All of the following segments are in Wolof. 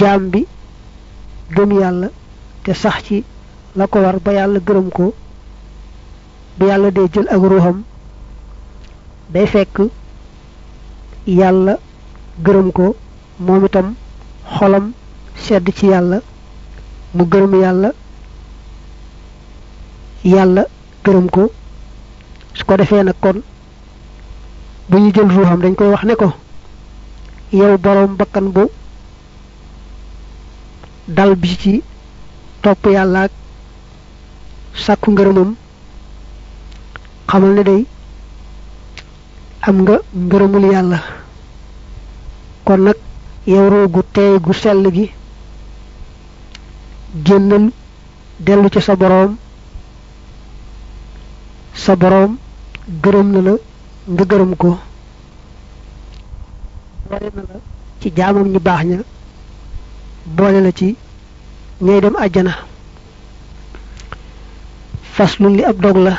jaam bi gëm yàlla te sax ci la ko war ba yàlla gërëm ko bu yàlla dee jël ak ruuxam day fekk yàlla gërëm ko moom itam xolam sedd ci yàlla mu gërëm yàlla yàlla gërëm ko su ko defee na kon bu ñu jël ruuxam dañ koy wax ne ko yow boroom bakkan bu dal bi ci topp yàlla ak sàkku ngërëmam xamal ne day am nga ngërëmul yàlla kon nag yow ruu gu teey gu sell gi génnal dellu ci sa boroom sa boroom gërëm na la nga gërëm ko boole na la ci jaamam ñu baax ña boole la ci ñay dem àjjana faslun li ab dog la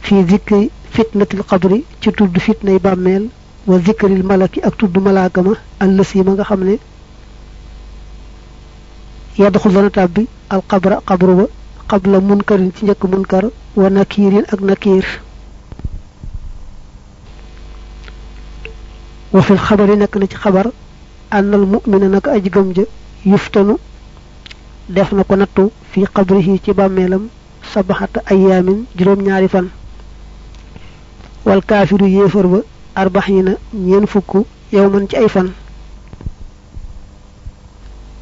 fii zikri fitnatil qabri ci tudd fitnay bàmmeel wa zikril malaki ak tudd malaaka ma allasi ma nga xam ne yadxul dana bi al qabra qabru ba qabla munkarin ci njëkk munkar wa nakiirin ak nakiir wa fil xabari nekk na ci xabar ànnal mu'mina naka aji gëm ja yuftanu def na ko nattu fi qabrihi ci bàmmeelam sabaxata ayaamin juróom-ñaari fan wal kaafiru yéefar ba arbaxiina ñeen fukk yow man ci ay fan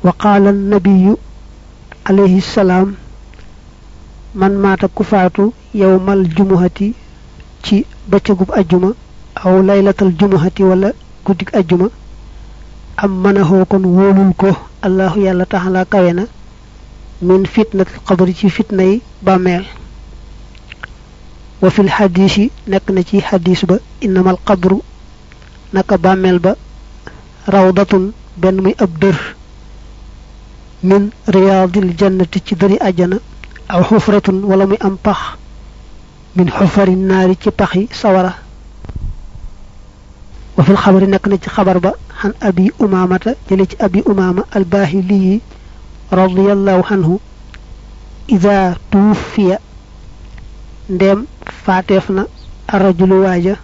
wa qaala nabiyu alayhi salaam man maata ku faatu yowmal jumuhati ci bëccëgub ajjuma aw laylatal jumuhati wala guddig ajjuma am manahoo kon wóolul ko allahu yàlla taxalaa kawe na min fitnatil xabri ci fitna yi bàmmeel wa fil xadiis nekk na ci xadiis ba innamal xabru naka bàmmeel ba rawdatun benn muy ab dër min riyaadil jannati ci dëri àjjana aw xufratun wala muy am pax min xufari naari ci pax yi sawara wa fil xabari nekk na ci xabar ba xan abi umaamata jële ci abi umaama albahiliyi radiallahu anhu ida tuufiya ndeem faateef na arrajulu waaja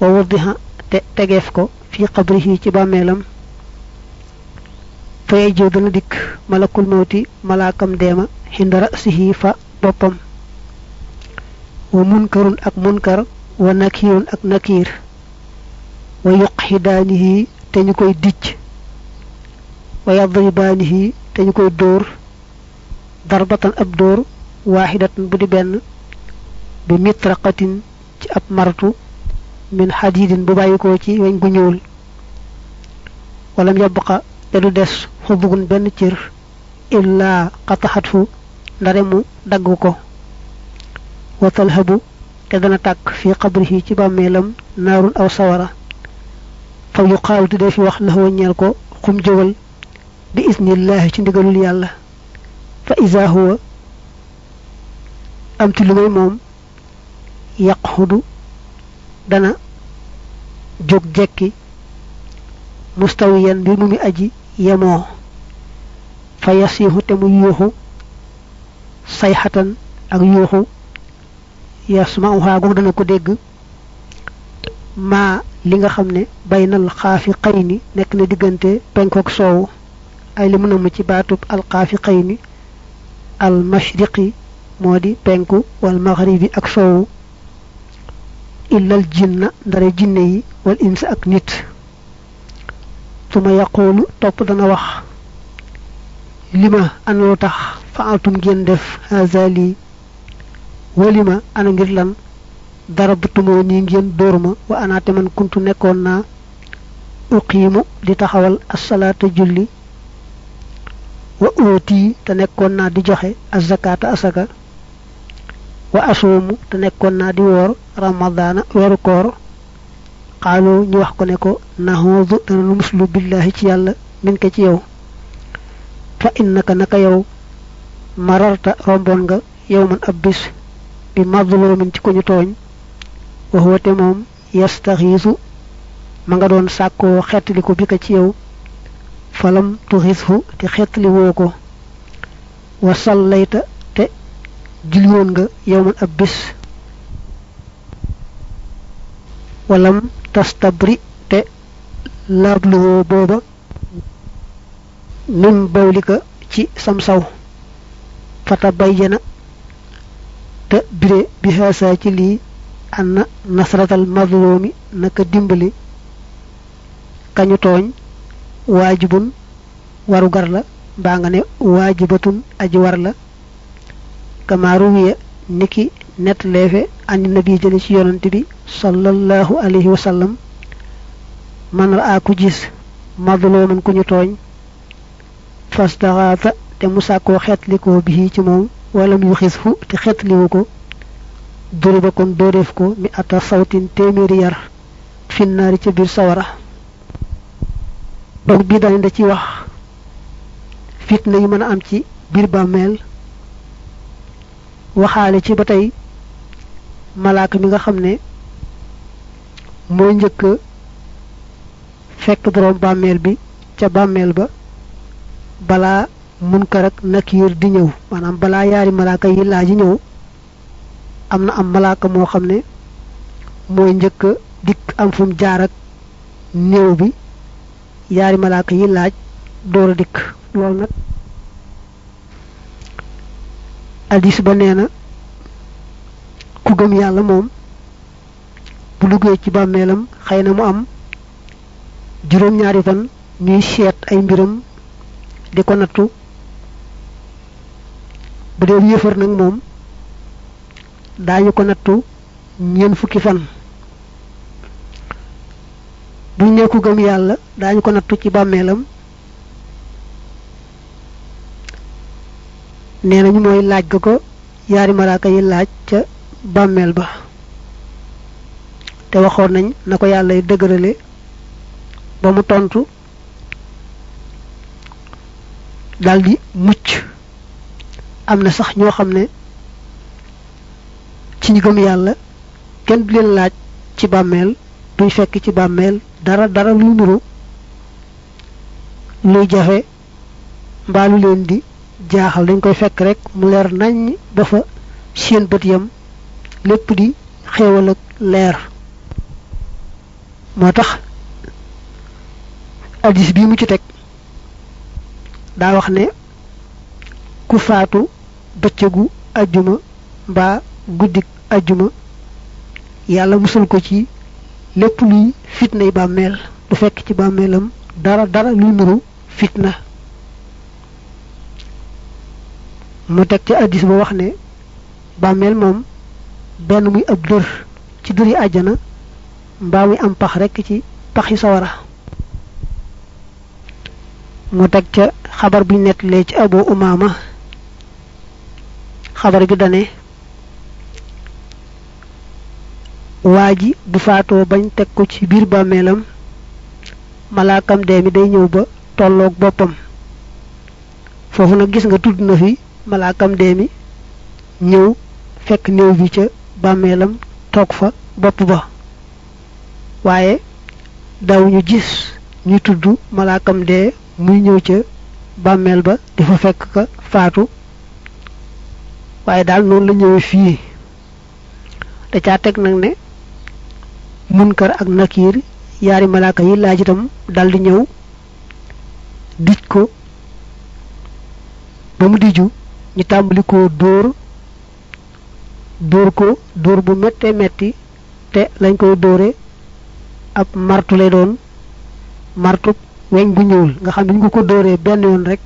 wa wudiha te tegeef ko fii qabrihi ci bàmmeelam fayey jiw dana dikk malakul mawti malaakam deema xinda rasihi fa boppam wa munkarun ak munkar wa nakirun ak nakiir wa yuqxidaanihi te ñu koy dijj wa yadribaanihi te ñu koy dóor darbatan ab dóor waaxidatan bu di benn bi mitraqatin ci ab maratu min xadiidin bu bàyyikoo ci weñ gu ñuul walam yabqa te du des xubugun benn cër illaa xataxat fu ndare mu dagg ko wa talhabu te dana tàkk fii xabrihi ci bàmmeelam naarun aw sawara aw yu xaalu te dee fi wax laxoo ko xum jëwal bi isnillahi ci ndigalul yàlla fa isa huwa am ti lu may moom yaqxudu dana jóg jekki mustawiyan bi mu mi aji yemoo fa yasiixu te mu yuuxu xatan ak yuuxu yasmauhaa goog dana ko dégg maa li nga xam ne bay nal xaafi xaafiqayni nekk na diggante penkook soowu ay li mën a mu ci baatub al xaafiqayni al mashriqi moo di penku wal maghribi ak soowu illal jinna ndare jinne yi wal insa ak nit suma yaqulu topp dana wax lima ana lu tax faaltum ngeen def hazali walima ana ngir lan dara bu tumoo nii ngeen dóor ma wa anaate man kuntu nekkoon naa uqiimu di taxawal asalaata julli wa ootii te nekkoon naa di joxe azakaata asaka wa asoomu te nekkoon naa di woor ramadaana weeru koor xaaloo ñu wax ko ne ko naxoodu dana nu muslu billaahi ci yàlla min ci yow fa innaka naka yow mararta romboon nga yow man ab bis bi madloomin ci ko ñu tooñ waxuwa te moom yastaxiisu ma nga doon sàkkoo xettali ko bi ko ci yow falam tuxisfu te xettali ko wa sallayta te julliwoon nga yowman ab bis walam tastabri te laabluwoo booba min bawlika ci sam saw fata bayyana te bire bi xaasaa ci lii ann nasratal mi naka dimbali kañu tooñ waajibun waru gar la mbaa nga ne waajibatun aji war la kamaaru wiya niki net leefe ani nabi jële ci yonante bi sallallahu alayhi wa sallam man raa ku gis mazluman ku ñu tooñ te mu sàkkoo xeetlikoo bi ci moom wala mu xis fu te xeetliwu ko duriba kon dooreef ko mi ata sawtin téeméeri yar finnaari ca biir sawara donc bii daañu da ci wax fitna yu mën a am ci biir bàmmeel waxaale ci ba tey malaaka mi nga xam ne mooy njëkk fekk boroom bàmmeel bi ca bàmmeel ba balaa munkar na nakiir di ñëw maanaam balaa yaari malaaka yi laa ji ñëw am na am malaaka moo xam ne mooy njëkka dikk am fu jaar ak néew bi yaari malaaka yi laaj door dikk loolu nag addis ba nee ku gëm yàlla moom bu duggee ci bàmmeelam xëy na mu am juróom-ñaari fan ñuy seet ay mbiram di ko nattu bu dee yëfar nag moom daañu ko nattu ñeent fukki fan bu ne ku gëm yàlla daañu ko nattu ci bàmmeelam nee nañu mooy laaj ga ko yaari malaaka yi laaj ca bàmmeel ba te waxoon nañ na ko yàlla yi dëgërale ba mu tontu daldi mucc am na sax ñoo xam ne ci ñi yàlla kenn du leen laaj ci bàmmeel duñ fekk ci bàmmeel dara dara lu nuru luy jafe mbaa lu leen di jaaxal dañ koy fekk rek mu leer nañ ba fa seen bët yam lépp di xéewal ak leer moo tax addis bii mu ci teg daa wax ne ku faatu bëccëgu ajjuma mbaa guddik ajjuma yàlla musal ko ci lépp luy fitnay bàmmeel du fekk ci bàmmeelam dara dara luy nuru fitna moo teg ca addis ba wax ne bàmmeel moom benn muy ab dër ci dëri àjjana mbaa muy am pax rekk ci paxi sawara moo teg ca xabar bi nettalee ci abu umaama xabar bi dane waa ji bu faatoo bañ teg ko ci biir bàmmeelam malaakam dee mi day ñëw ba tollook boppam foofu nag gis nga tudd na fi malaakam dee mi ñëw fekk néew bi ca bàmmeelam toog fa bopp ba waaye daw ñu gis ñu tudd malaakam dee muy ñëw ca bàmmeel ba di fa fekk ka faatu waaye daal noonu la ñëwee fii da caa teg nag ne munkar ak nakiir yaari malaaka yi laaj itam daldi ñëw dij ko ba mu diju ñu tàmbali ko dóor dóor ko dóor bu méttee metti te lañ koy dóore ab martu lay doon martu weñ bu ñuul nga xam ne ñu ko dóoree benn yoon rek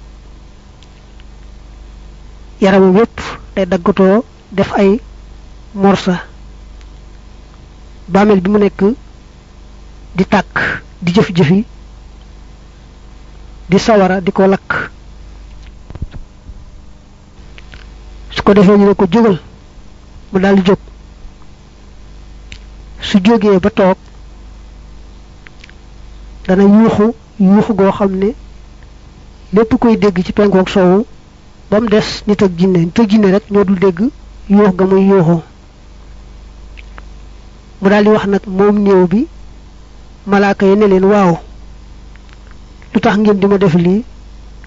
yaramam yépp day daggatoo def ay morsa bàmmeel bi mu nekk di tàkk di jëf-jëfi di sawara di ko lakk su ko defee ñu ne ko jógal mu daal di jóg su jógee ba toog dana yuuxu yuuxu goo xam ne lépp koy dégg ci penkook soowu ba mu des nit ak jinne nit ak jinne rek ñoo dul dégg yuux ga muy yuuxu mu daal di wax nag moom néew bi malaaka yi leen waaw lu tax ngeen di ma def lii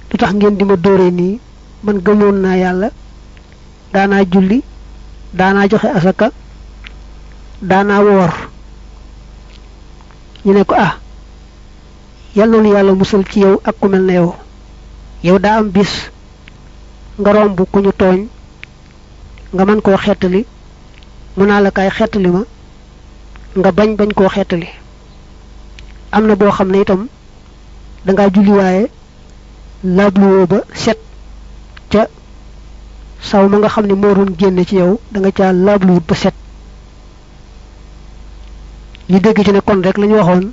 lu tax ngeen di ma dóore nii man gëmoon naa yàlla daanaa julli daanaa joxe asaka daanaa woor ñu ne ko ah yàlla na nu yàlla musal ci yow ak ku mel na yow yow daa am bis nga romb ku ñu tooñ nga mën koo xettali mu naa la kaay xettali ma nga bañ bañ koo xettali am na boo xam ne itam dangaa julli waaye laabluwoo ba set ca saw ma nga xam ne moo doon génne ci yow da nga caa laabluwut ba set ñu dégg ci ne kon rek lañu waxoon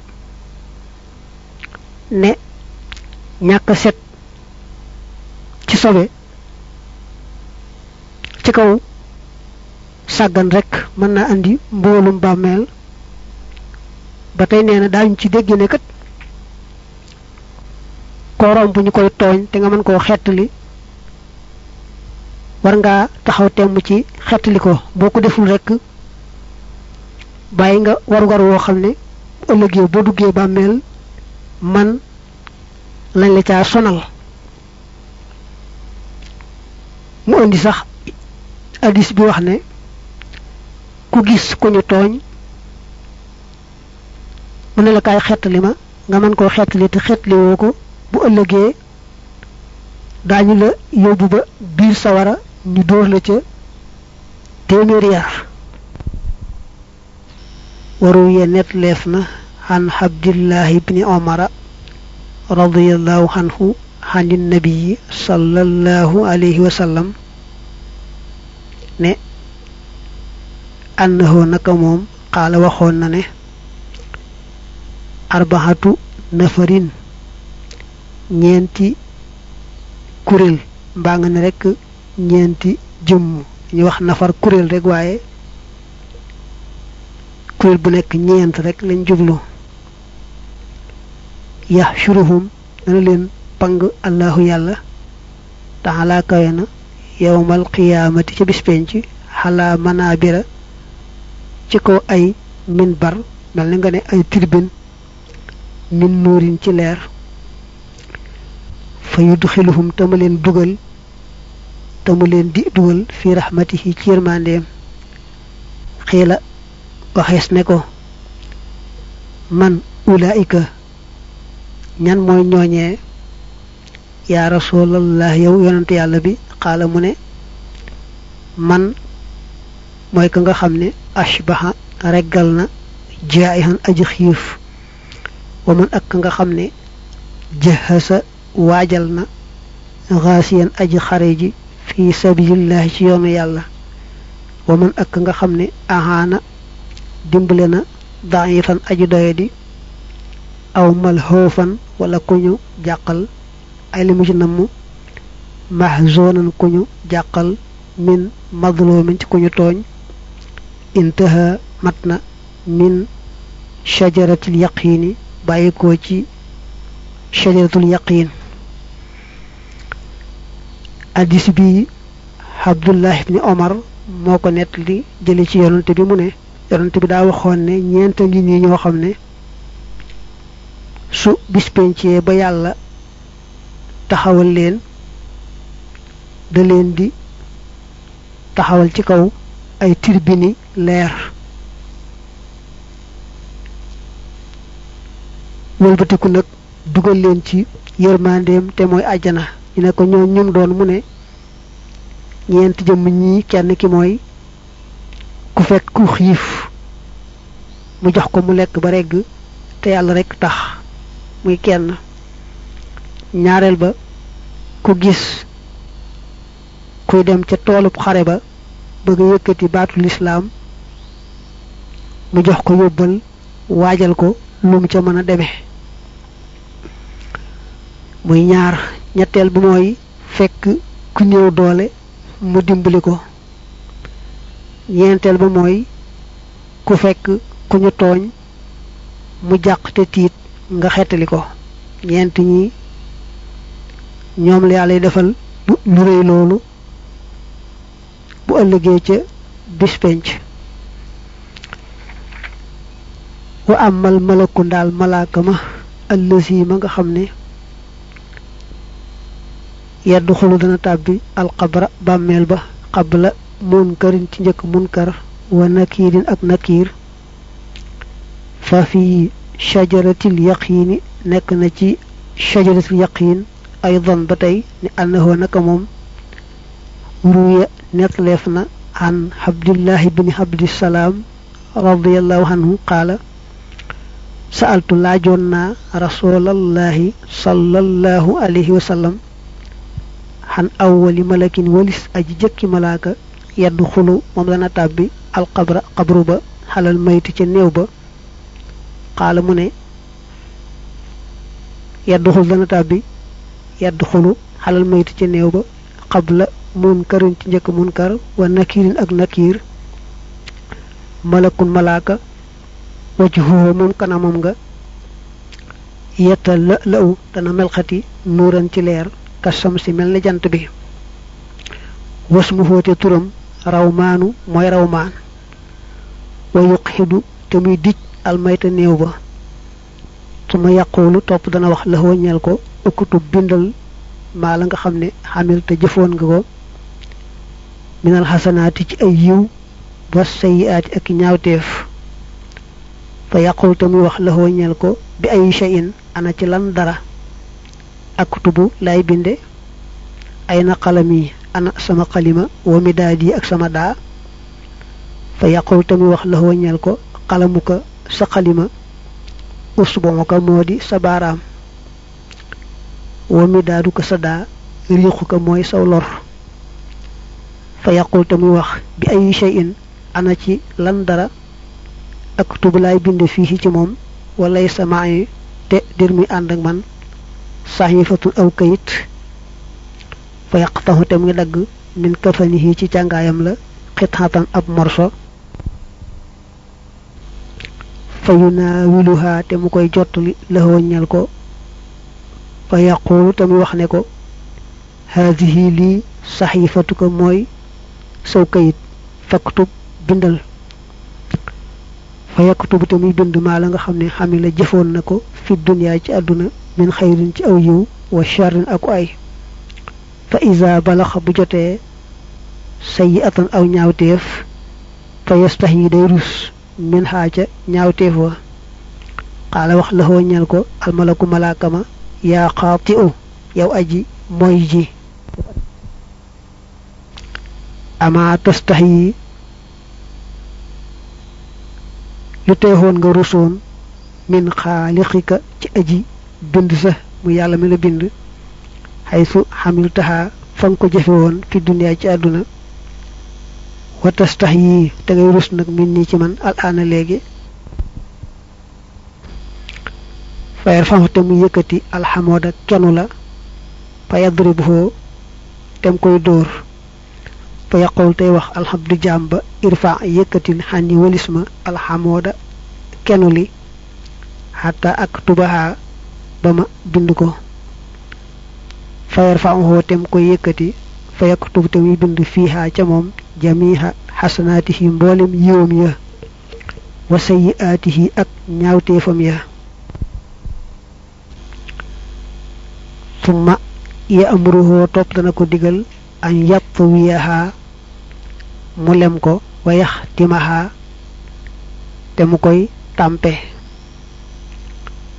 ne ñàkk set ci sobe ci kaw sàggan rekk mën naa indi mboolum bàmmeel ba tey nee na daañu ci dégg ne kat kooroom bu ñu koy tooñ te nga mën koo xettali war ngaa taxaw temm ci xettali ko boo ko deful rekk bàyyi nga warugar woo xam ne ëllëg yow boo duggee bàmmeel man lañ la caa sonal mu indi sax addis bi wax ne ku gis ku ñu tooñ mu ne la kaay xettali ma nga mën koo xettali te xettali woo ko bu ëllëgee daañu la yóbbu ba biir sawara ñu dóor la ca téeméeri yar waru ye net leef na an abdillahi ibni omara radiallahu anhu ani nabii alayhi wa ne annahu naka moom xaala waxoon na ne arbaxatu nafarin ñeenti kuréel mbaa nga ne rek ñeenti jëmm ñu wax nafar kuréel rekk waaye kuréel bu nekk ñeent rek lañ jublu yax shuruhum dana leen pang allahu yàlla taxalaa kawe na yowmal qiyaamati ca bis xalaa manaabira ci kaw ay minbar mel na nga ne ay tirbin min nuurin ci leer fa yudxiluhum tama leen dugal tama leen di dugal fi rahmatihi ci yërmandeem xiila waxees ne ko man ulaayika ñan mooy ñooñee yaa rasulallah yow yonent yàlla bi xaala mu ne man mooy ka nga xam ni ashbaha reggal na jaayihan aji xiif wa man ak nga xam ne jahasa waajal na xaasiyan aji xare ji fi sabilillahi ci yoonu yàlla wa man ak nga xam ni ahaana dimbale na daifan aji doyadi aw malhoofan wala ku ñu jàqal ay limu ci namm mahzonan ku ñu jàqal min madlumin ci ku ñu tooñ intaha mat na min shajaratil yaqini bàyyi ko ci shajaratul yaqin addis bi Abdullah ibni Omar moo ko nettali jële ci yonante bi mu ne yonante bi daa waxoon ne ñeent ngi nii ñoo xam ne su bis ba yàlla taxawal leen da leen di taxawal ci kaw ay tirbini leer wëlbatiku nag dugal leen ci yërmandeem te mooy àjjana ñu ne ko ñoom ñu doon mu ne ñeent jëmm ñii kenn ki mooy ku fekk xiif mu jox ko mu lekk ba regg te yàlla rekk tax muy kenn ñaareel ba ku gis kuy dem ca toolub xare ba bëgg a yëkkati baatu lislaam mu jox ko yóbbal waajal ko lu ca mën a demee muy ñaar ñetteel bi mooy fekk ku néew doole mu dimbali ko ñeenteel ba mooy ku fekk ku ñu tooñ mu jàq te tiit nga xettali ko ñeent ñi ñoom la yàlla defal lu réy loolu bu ëllëgee ca bis penc wa amal malakun daal malaaka ma allësi ma nga xam ne yaddu xulu dana tàbbi alxabra bàmmeel ba xabla munkarin ci njëkk munkar wa nakiirin ak nakiir fa fi shajaratil yaqiini nekk na ci shajaratil yaqiin aydan ba tey ni annahoo naka moom ruya nettaleef na an abdillahi bini abdisalaam radiallahu anhu sa'altu laajoon naa rasulallahi sallallahu alayhi wa xan awwali malakin walis aji jëkki malaaka yaddu xulu moom dana tàbbi alxabra xabru ba xalal maytu ca néew ba xaala mu ne yaddu xul néew ba xabla ci njëkk munkar wa nakirin ak nakir malakun malaaka wajhuhu moom kanamam nga yetta la law dana melxati nuuran ci leer kasam si mel ni jant bi was mu fóote turam rawmaanu mooy rawmaan wa yuqidu te muy dij almayta néew ba su ma yàquwulu topp dana wax la ñeel ko ëkkutub bindal maa la nga xam ne xamil te jëfoon nga ko minal xasanaati ci ay yiw ba sayiaati ak ñaawteef fa yàquwul te muy wax la ko bi ay shayin ana ci lan dara ak aktubu lay binde ay na xalami ana sama xalima wa daa di ak sama daa fa yàqul tamit wax la waññeel ko xalamu ko sa xalima usbon ko moo di sa baaraam wa mi daadu ko sa daa riixu ko mooy saw lor fa yàqul tamit wax bi ay shay'in ana ci lan dara aktubu lay binde fii ci moom walay sama te dir mi ànd ak man sax saxiifatun aw kayit fa yaqtahu te muy dagg min kafanihi ci càngaayam la xitxatan ab morso fa yunaawiluha te mu koy jottali laxooñal ko fa yaquulu te muy wax ne ko haadihi lii saxiifatuka mooy saw kayit faktub bindal fa yaktubu te muy bind maa la nga xam ne la jëfoon na ko fi dunyaay ci àdduna min xayrin ci aw yiw wa charrin ak ay fa isa balaxa bu jotee sayi atan aw ñaawteef fa yastax yi day rus min xaaja ñaawteef wa xaala wax la ko almalaku malaaka ma yaa xaati u yow aji moy ji ama tastax yi lu teexoon nga rusoon min xaalixika ci aji bind sa mu yàlla mi la bind xay xamil taxaa fa ko jëfe woon fi duniyaay ci àdduna watas tax yii te ngay rus nag min nii ci man al aana léegi fayar famu te mu yëkkati alxamooda kenu la fa yadri bufoo tey wax alxamdu jaam ba irfa yëkkatin xànni walis ma alxamooda kenu li xataa ak tubaxaa ba ma bind ko fayar fa am koy yëkkati fa yaktub te muy bind fiiha ca moom jamiha xasanaatihi mboolem yiwam ya wa sayiaatihi ak ñaawteefam ya summa ya amruhu topp dana ko digal an yàpp wiyaha mu lem ko wa yax timaha te mu koy tàmpe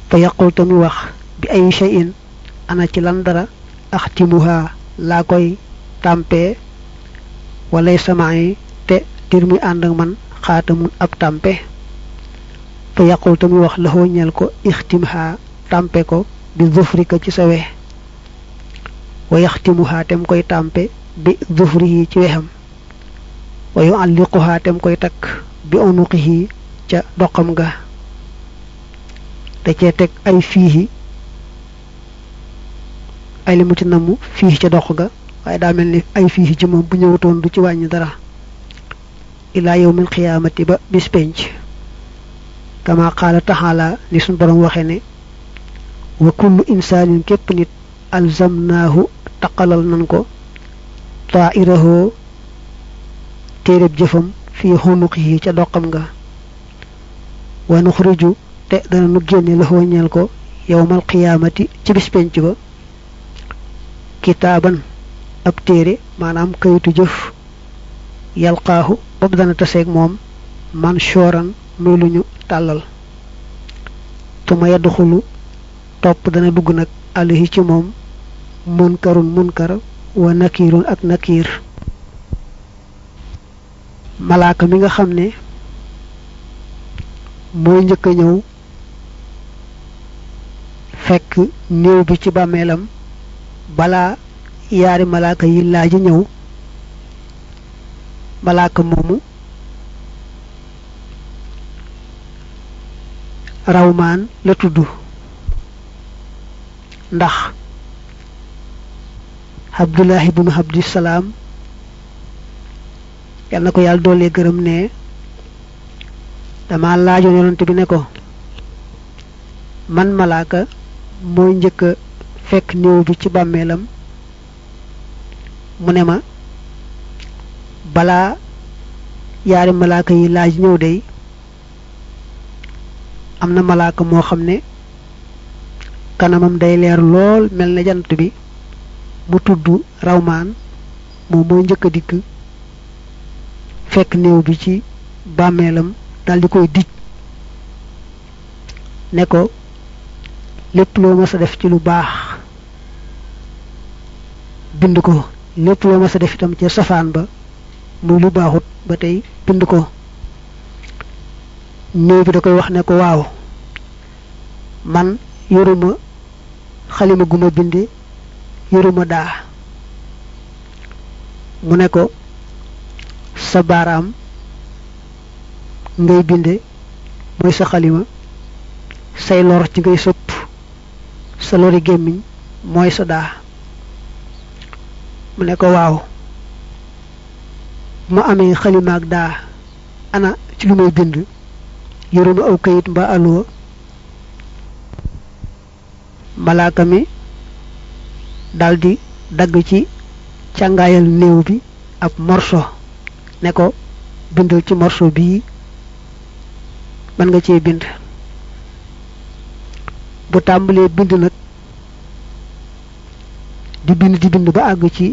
fa yaqul te muy wax bi ay shay'in ana ci lan dara axtimuha laa koy tàmpee walay samaay te dir muy ànd ak man xaatamun ab tàmpe fa yaqul muy wax laxoo ñel ko ixtimha tàmpe ko bi zufrika ci sa wex wa yaxtimuha tem koy tàmpe bi yi ci wexam wa yualliquha tem koy takk bi unuqihi ca doqam ga te cee teg ay fiihi ay li mu ci namm fii ca dox ga waaye daa mel ni ay fii ci bu ñëwutoon du ci wàññi dara ilaa yawmil xiyaamati ba bis penc kama ni suñ borom waxe ne wa kullu insaanin képp nit alzamnaahu taqalal nan ko taairahoo téeréb jëfam fii xunuqihi ca doqam nga wa nuxriju te dana nu génne laxoo ñeel ko yawmal xiyaamati ci bis ba kitaaban ab téere maanaam kayitu jëf yalqaahu boobu dana taseeg moom manshooran muy lu ñu tàllal tuma yadduxulu topp dana dugg nag alihi ci moom munkarun munkar wa nakiirun ak nakiir malaaka mi nga xam ne mooy njëkk ñëw fekk néew bi ci bàmmeelam balaa yaari malaaka yi laaj ji ñëw malaaka moomu rawmaan la tudd ndax Abdullahi ibnu Abdi Salaam yal na ko yàlla doole gërëm ne dama laajoon yonent bi ne ko man malaaka mooy njëkka fekk néew bi ci bàmmeelam mu ne ma balaa yaari malaaka yi laaj ñëw dey am na malaaka moo xam ne kanamam day leer lool mel na jant bi mu tudd rawmaan moom mooy njëkk a dikk fekk néew bi ci bàmmeelam daldi koy dij ne ko lépp loo mës a def ci lu baax bind ko lépp loo mës a def itam ca safaan ba muy lu baaxut ba tey bind ko néew bi da koy wax ne ko waaw man yoruma xalima gu ma binde yoruma daa mu ne ko sa baaraam ngay binde mooy sa xalima say lor ci ngay sëpp sa lori gémmiñ mooy sa daa mu ne ko waaw ma amee xalimaag daa ana ci lu may bind yoruma aw kayit mbaa alluwa malaaka mi daldi dagg ci càngaayal néew bi ab morso ne ko bindal ci morso bii mën nga cee bind bu tàmbalee bind nag di bind di bind ba àgg ci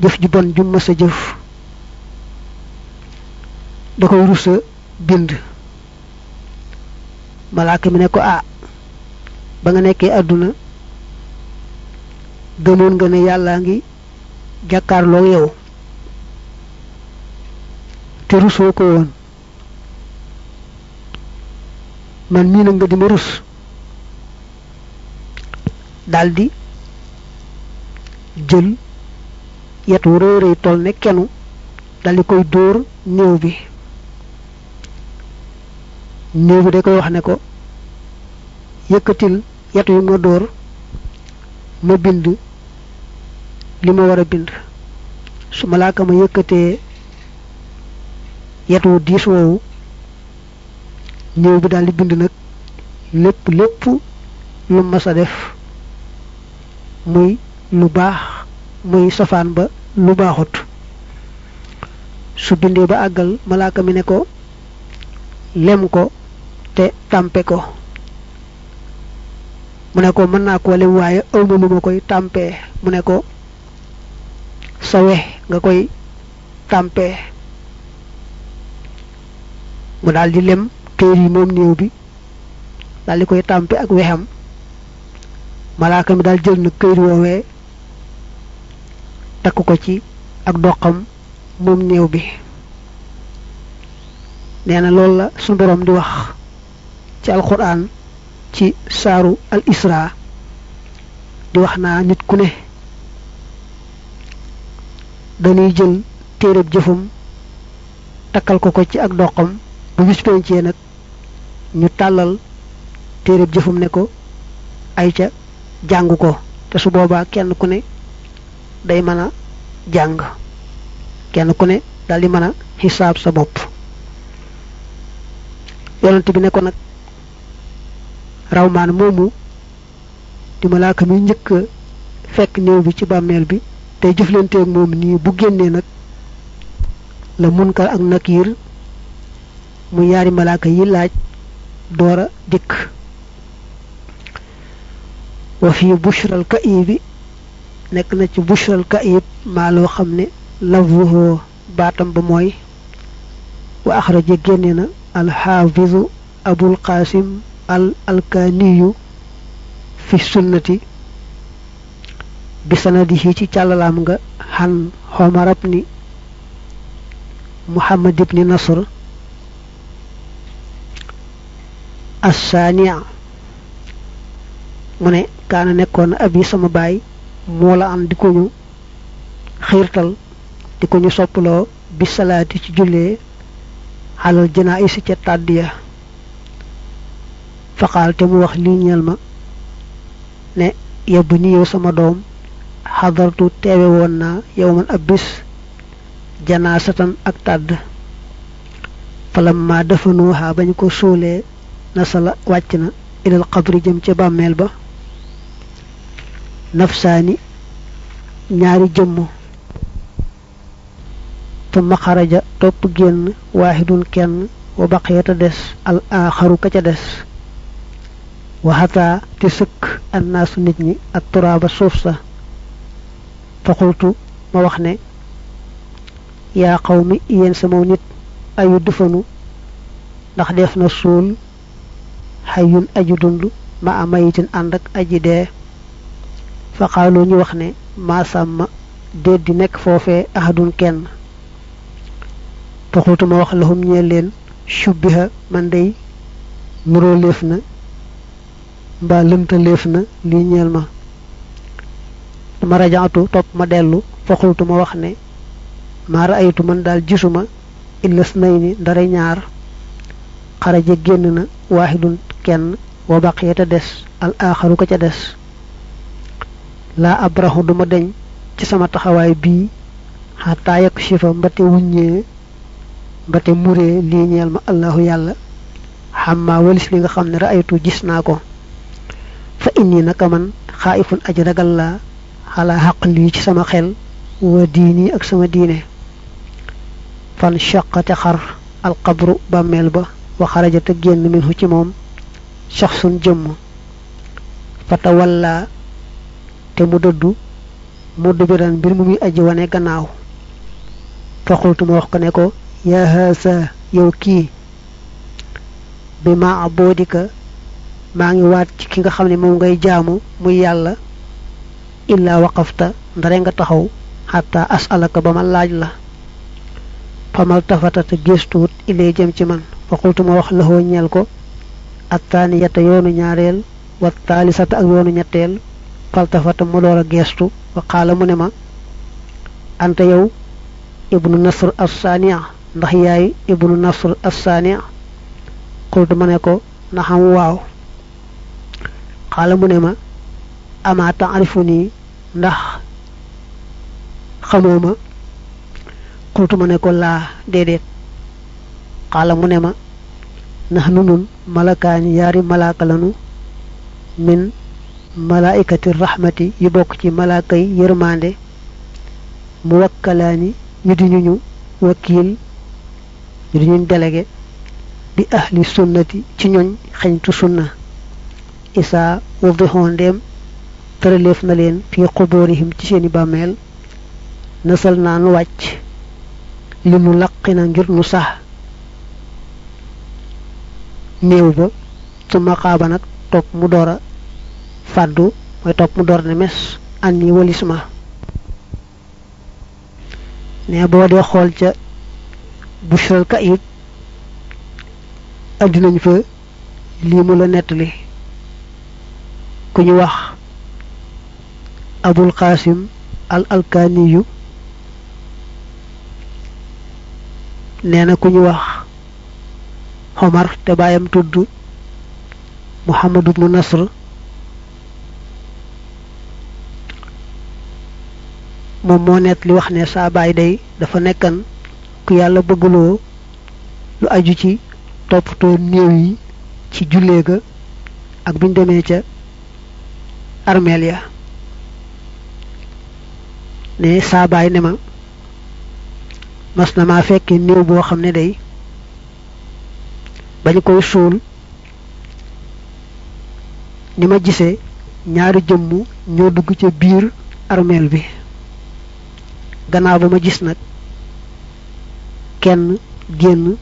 jëf ju bon ju mës a jëf da koy rusa bind malaaka mi ne ko ah ba nga nekkee àdduna gëmoon nga ne yàllaa ngi jàkkaarloo yow te rusoo ko woon man mii nga di ma rus daldi jël yet wu rëy rëy toll ne kenu daldi koy dóor néew bi néew bi da koy wax ne ko yëkkatil yat yu ma dóor ma bind li ma a bind su malaaka ma yëkkatee yet wu diis woowu néew bi daldi bind nag lépp lépp lu mas a def muy lu baax muy safaan ba lu baaxut su ba àggal malaaka mi ne ko lem ko te tàmpe ko mu ne ko mën naa koo lem waaye ëmb lu ma koy tàmpee mu ne ko sa wex nga koy tàmpee mu daldi lem téer moom néew bi daldi koy tàmpe ak wexam malaaka mi daal jël na këyit woowee takk ko ci ak doqam moom néew bi nee na loolu la suñu borom di wax ci alxuraan ci saaru al isra di wax naa nit ku ne dañuy jël téereb jëfam takkal ko ko ci ak doqam bu bis pencee nag ñu tàllal téereb jëfum ne ko ay ca jàng ko te su boobaa kenn ku ne day mën jàng kenn ku ne daal di mën a xisaab sa bopp yonent bi ne ko nag rawmaan moomu di malaaka mi njëkk fekk néew bi ci bàmmeel bi tey jëflanteeg moom nii bu génnee nag la munkar ak nakiir mu yaari malaaka yi laaj door a dikk wa fii bushral ka i bi nekk na ci bushral ka yib maa loo xam ne lafzuhu baatam ba mooy wa axraja génne na alxaafizu abul qasim alkaaniyu fi sunnati bi sanadihi ci càllalaam nga xan xomar ibni muhammad ibni nasr assaania mu ne kaana nekkoon abi sama baay moo la an di ko ñu xiirtal di ko ñu soppaloo bi salaati ci jullee xalal janaa isi ca tàdd ya faqaal te mu wax lii ñeel ma ne yebb ni yow sama doom xadartu teewe woon naa yow man ab bis janaa satan ak tàdd falam ma dafanuuxaa ba ñu ko sóolee na sala wàcc na ilal xabri jëm ca bàmmeel ba nafsaani ñaari jëmm tumma xaraja topp génn waahidun kenn wa baqiyata des al aaxaru ka ca des waxataa te sëkk annaasu nit ñi ak turaaba suuf sa fa ma wax ne yaa xaw mi sama nit ayu dufanu ndax def na suul xayun aju dund ma amayitin ànd ak aji dee fa xaaloo ñu wax ne maa sàmm déet di nekk foofee ahadun kenn toxultu ma wax lahum ñeel leen shubbiha man day muroo na mbaa lëmta na lii ñeel ma dama rajaatu topp ma dellu foxultu ma wax ne maa ra'aytu man daal gisuma illas nay ni ndare ñaar xaraja génn na waaxidun kenn wa baqiyata des al ko ca des laa abrahu duma deñ ci sama taxawaay bii xataa yekk shifa mbate wuññee mbate muree lii ñeel ma allahu yàlla xam maa li nga xam ne raaytu gis naa ko fa inni naka man xaaifun aji ragal laa xalaa xaq lii ci sama xel wa diini ak sama diine fan shaqate xar alxabru bàmmeel ba wa xarajate génn minhu ci moom saxsun jëmm fatawallaa te mu dëddu mudd bi ran mbir mu muy aji wane gannaaw faqultu ma wax ko ne ko yaa yow kii bi ma aboodika maa ngi waat ci ki nga xam ne moom ngay jaamu muy yàlla illaa waqafta ndare nga taxaw xataa asalaka ba ma laaj la famal tafata te géstuwut illee jëm ci man faqultu ma wax laxoo ñeel ko attaaniyata yoonu ñaareel wa taalisata ak yoonu ñetteel faltafata mu door a geestu wa xaala mu ne ma anta yow ibnu nasr assania ndax yaay ma ne ko na xam waaw xaala ne ma ama taarifu nii ndax xamoo ma xultu ma ne ko laa déedéet xaala mu ne ma ndax nu nun malakaan yaari malaaka lanu min malaayikati rahmati yu bokk ci malaaka yi yërmande mu wakkalaani ñu di ñu ñu wakiil ñu di ñu délégué bi ahli sunnati ci ñoñ xeñtu sunna isaa wadixoon ndéem na leen fi xuboorihim ci seeni bàmmeel nasal naa nu wàcc li na ngir nu sax néew ba su maqaaba nag toog mu door fàddu mooy mu door mes an yi walis ma boo de xool ca bushral ka it andi nañ fa lii mu la nettali ku ñu wax abul qasim al alkaaniyu nee na ku ñu wax xomar te baayam tudd muhammad ibnu nasr moom moo nekk li wax ne saabaay baay day dafa nekkan ku yàlla bëgguloo lu aju ci toppatoo néew yi ci jullee ga ak biñ demee ca armeel ya ne saabaay ne ma mas na maa fekke néew boo xam ne day bañ koy suul ni ma gisee ñaari jëmm ñoo dugg ca biir armeel bi gannaaw ba ma gis nag kenn génn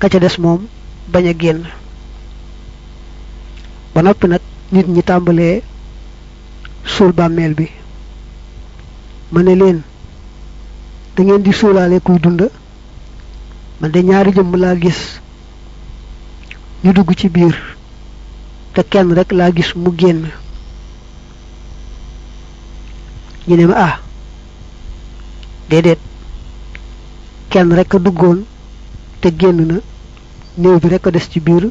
ka ca des moom bañ a génn ba noppi nag nit ñi tàmbalee suul bàmmeel bi ma ne leen da ngeen di suulaale kuy dund man de ñaari jëmm laa gis ñu dugg ci biir te kenn rekk laa gis mu génn ñu ma ah déedéet kenn rekk a duggoon te génn na néew rekk a des ci biir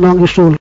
noo ngi suul